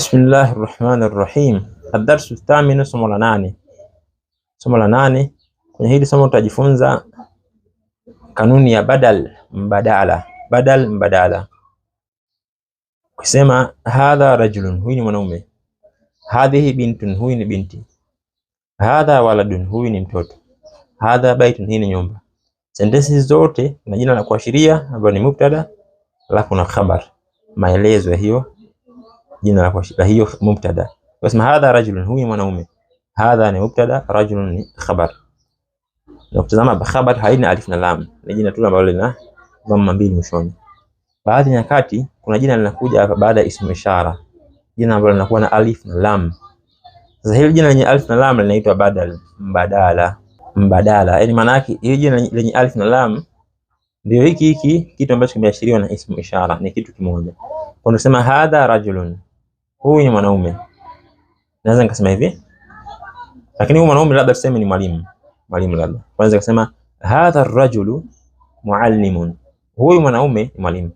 Bismillahi rahmani rahim. Adarsu thaminu, somo la nane. Somo la nane, kwenye hili somo tutajifunza kanuni ya badal mbadala. Badal mbadala, ukisema hadha rajulun, huyu ni mwanaume. Hadhihi bintun, huyu ni binti. Hadha waladun, huyu ni mtoto. Hadha baitun, hii ni nyumba. Sentensi zote na jina la kuashiria ambayo ni mubtada, alafu na khabar, maelezo ya hiyo jina la, la hiyo mubtada. Wasema hadha rajulun, huyu mwanaume. Hadha ni mubtada, rajulun ni khabar. Na kutazama khabar haina alif na lam, ni jina tu ambalo lina dhamma mbili mwishoni. Baadhi ya nyakati kuna jina linakuja hapa baada ya ismu ishara, jina ambalo linakuwa na alif na lam. Sasa hili jina lenye alif na lam linaitwa badal, mbadala, mbadala. Yani maana yake hili jina lenye alif na lam ndio hiki hiki kitu ambacho kimeashiriwa na ismu ishara, ni kitu kimoja. Kwa kusema hadha rajulun huyu ni mwanaume, naweza nikasema hivi, lakini huyu mwanaume labda tuseme ni mwalimu, mwalimu labda kwanza nikasema hadha rajulu muallimun, huyu mwanaume ni mwalimu.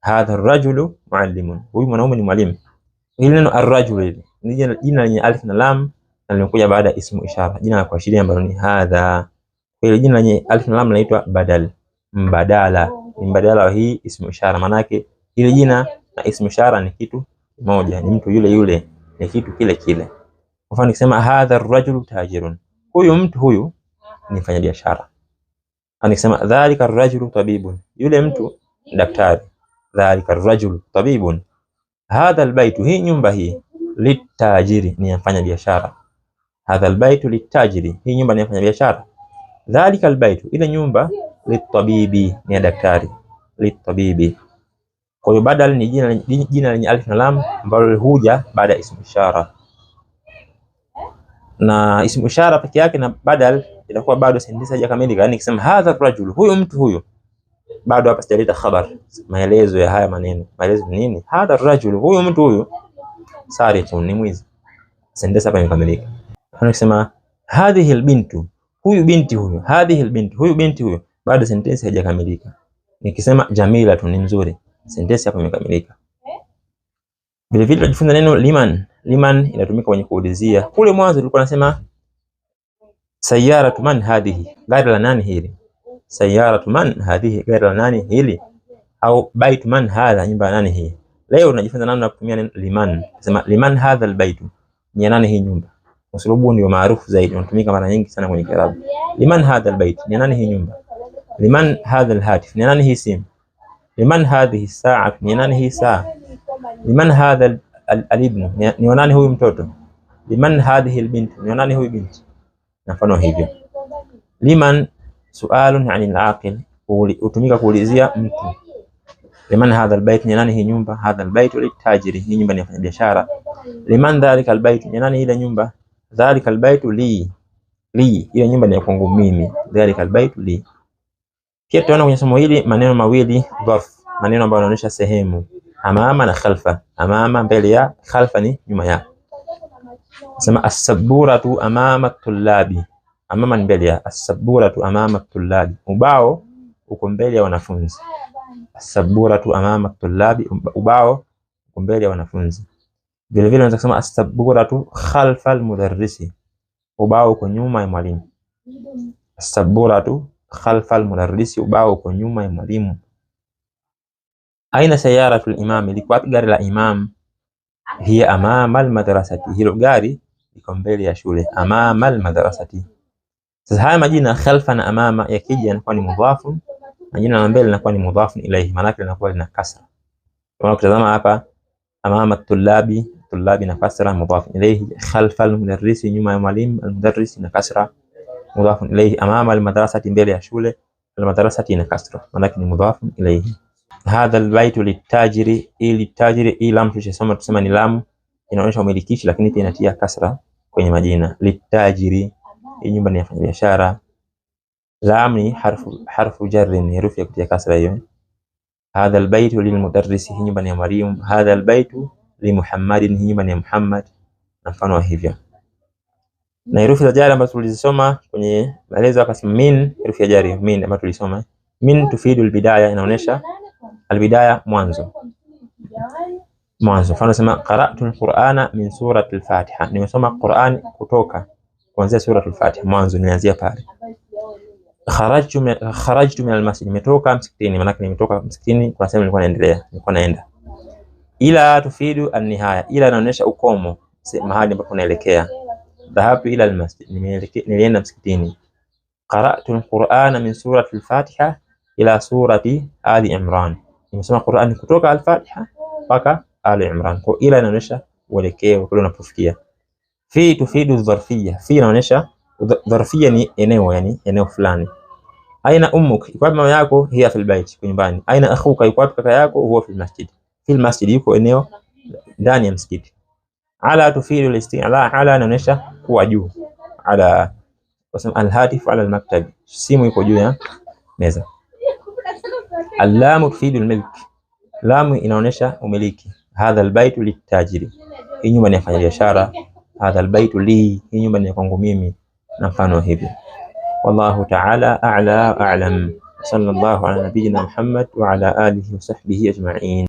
Hadha rajulu muallimun, huyu mwanaume ni mwalimu. Hili neno arrajul hili ni jina lenye alif na lam na limekuja baada ya ismu ishara, jina la kuashiria ambalo ni hadha. Hili jina lenye alif na lam linaitwa badal, mbadala, mbadala wa hii ismu ishara. Maana yake hili jina na ismu ishara ni kitu moja ni mtu yule yule, ni kitu kile kile. Kwa mfano nikisema hadha rajulu tajirun, huyu mtu huyu ni mfanyabiashara. Kwa nikisema dhalika rajulu tabibun, yule mtu daktari. Dhalika rajulu tabibun, hadha albaytu, hii nyumba hii, litajiri, ni mfanyabiashara. Hadha albaytu litajiri, hii nyumba ni mfanyabiashara. Dhalika albaytu, ile nyumba litabibi, ni daktari. Litabibi kwa hiyo badal ni jina, jina lenye alif na lam ambalo huja baada ya ismu ishara, na ismu ishara peke yake na badal itakuwa bado sentensi haijakamilika. Yani nikisema hadha rajul, huyu mtu huyu, bado hapa sijaleta khabar, maelezo ya haya maneno. Maelezo ni nini? Hadha rajul, huyu mtu huyu, sariqun, ni mwizi. Sentensi hapa imekamilika. Nikisema hadhihi albintu, huyu binti huyu, hadhihi albintu, huyu binti huyu, bado sentensi haijakamilika. Nikisema jamila tu, ni nzuri Sentensi hapo imekamilika. Eh? Vile vile tunajifunza neno liman. Liman inatumika kwenye kuulizia. Kule mwanzo tulikuwa nasema sayara tuman hadhihi, gari la nani hili? Sayara tuman hadhihi, gari la nani hili? Au baitu man hadha, nyumba ya nani hii? Leo tunajifunza namna ya kutumia neno liman. Nasema liman hadha albaitu, ni ya nani hii nyumba? Kwa sababu ndio maarufu zaidi, unatumika mara nyingi sana kwenye Kiarabu. Liman hadha albait, ni nani hii nyumba? Liman hadha alhatif, ni nani hii simu? liman hadhihi saa, ni nani hii saa? Liman hadha alibnu, ni nani huyu mtoto? Liman hadhihi albint, ni nani huyu binti? Na mfano hivyo. Liman sualun anil aqil, hutumika kuulizia mtu. Liman hadha albayt, ni nani hii nyumba? Hadha albayt litajiri, hii nyumba ni ya biashara. Liman dhalika albayt, ni nani ile nyumba? Dhalika albayt li, li, ile nyumba ni ya kwangu mimi. Dhalika albayt li pia tutaona kwenye somo hili maneno mawili dharf, maneno ambayo yanaonyesha sehemu, amama na khalfa. Amama mbele ya, khalfa ni nyuma ya. Sema as-saburatu amama tullabi, amama ni mbele ya, as-saburatu amama tullabi, ubao uko mbele ya wanafunzi. As-saburatu amama tullabi, ubao uko mbele ya wanafunzi. Vile vile unaweza kusema as-saburatu khalfa al-mudarrisi, ubao uko nyuma ya mwalimu. As-saburatu khalfa almudarrisi, ubao uko nyuma ya mwalimu. Aina sayaratu limam, liko wapi gari la imam? Hiya amama almadrasati, hilo gari liko mbele ya shule. Amama almadrasati. Sasa haya majina khalfa na amama yakija yanakuwa ni mudhafun, majina ya mbele yanakuwa ni mudhafun ilayhi, maana linakuwa lina kasra. Unatazama hapa amama tulabi, tulabi na kasra, mudhafun ilayhi. Khalfa almudarrisi, nyuma ya mwalimu, almudarrisi na kasra mudhafun ilayhi amama almadrasati, mbele ya shule. Almadrasati na kasra, maana ni mudhafun ilayhi. Hadha albaytu litajiri, ili tajiri, ili lam tushasema, tusema ni lam inaonyesha umilikishi, lakini pia inatia kasra kwenye majina. Litajiri, hii nyumba ni ya biashara. Lam ni harfu harfu jarri, ni herufi ya kutia kasra hiyo. Hadha albaytu lilmudarrisi, hii nyumba ni ya mwalimu. Hadha albaytu li hii nyumba ni ya Muhammad, na mfano wa hivyo na herufi za jari ambazo tulizisoma kwenye maelezo ya kasmu min, herufi ya jari min ambayo tulisoma min tufidu albidaya, inaonesha albidaya mwanzo mwanzo. Mfano sema qara'tu alqur'ana min surati alfatiha, nimesoma Qur'an kutoka kuanzia surati al-Fatiha mwanzo, nilianzia pale. Kharajtu min kharajtu min almasjid, nimetoka msikitini, maana nimetoka msikitini kwa sababu nilikuwa naendelea, nilikuwa naenda. Ila tufidu an-nihaya, ila inaonesha ukomo, mahali ambapo naelekea. ذهبت إلى المسجد نلينا مسكتيني قرأت القرآن من سورة الفاتحة إلى سورة آل عمران nimesoma Qur'ani kutoka Al-Fatiha mpaka Al Imran. Kwa ila inaonyesha uelekeo kule unapofikia. Fi tufidu dharfia. Fi inaonyesha dharfia ni eneo, yani eneo fulani. Aina ummuk, yuko mama yako? Hiya fil bait, nyumbani. Aina akhuka, yuko kaka yako? Huwa fil masjid. Fil masjid, yuko eneo ndani ya msikiti. ala tufidu al ala inaonyesha kuwa juu, ala wasema alhatif ala almaktab simu iko juu ya meza. Allamu tufidu almilk lamu inaonyesha umiliki. Hadha al litajiri, hii nyumba ni ya fanya biashara. Hadha al li, hii nyumba ni kwangu mimi, na mfano hivi Wallahu ta'ala a'la wa a'lam. Sallallahu ala nabiyyina Muhammad wa ala alihi wa sahbihi ajma'in.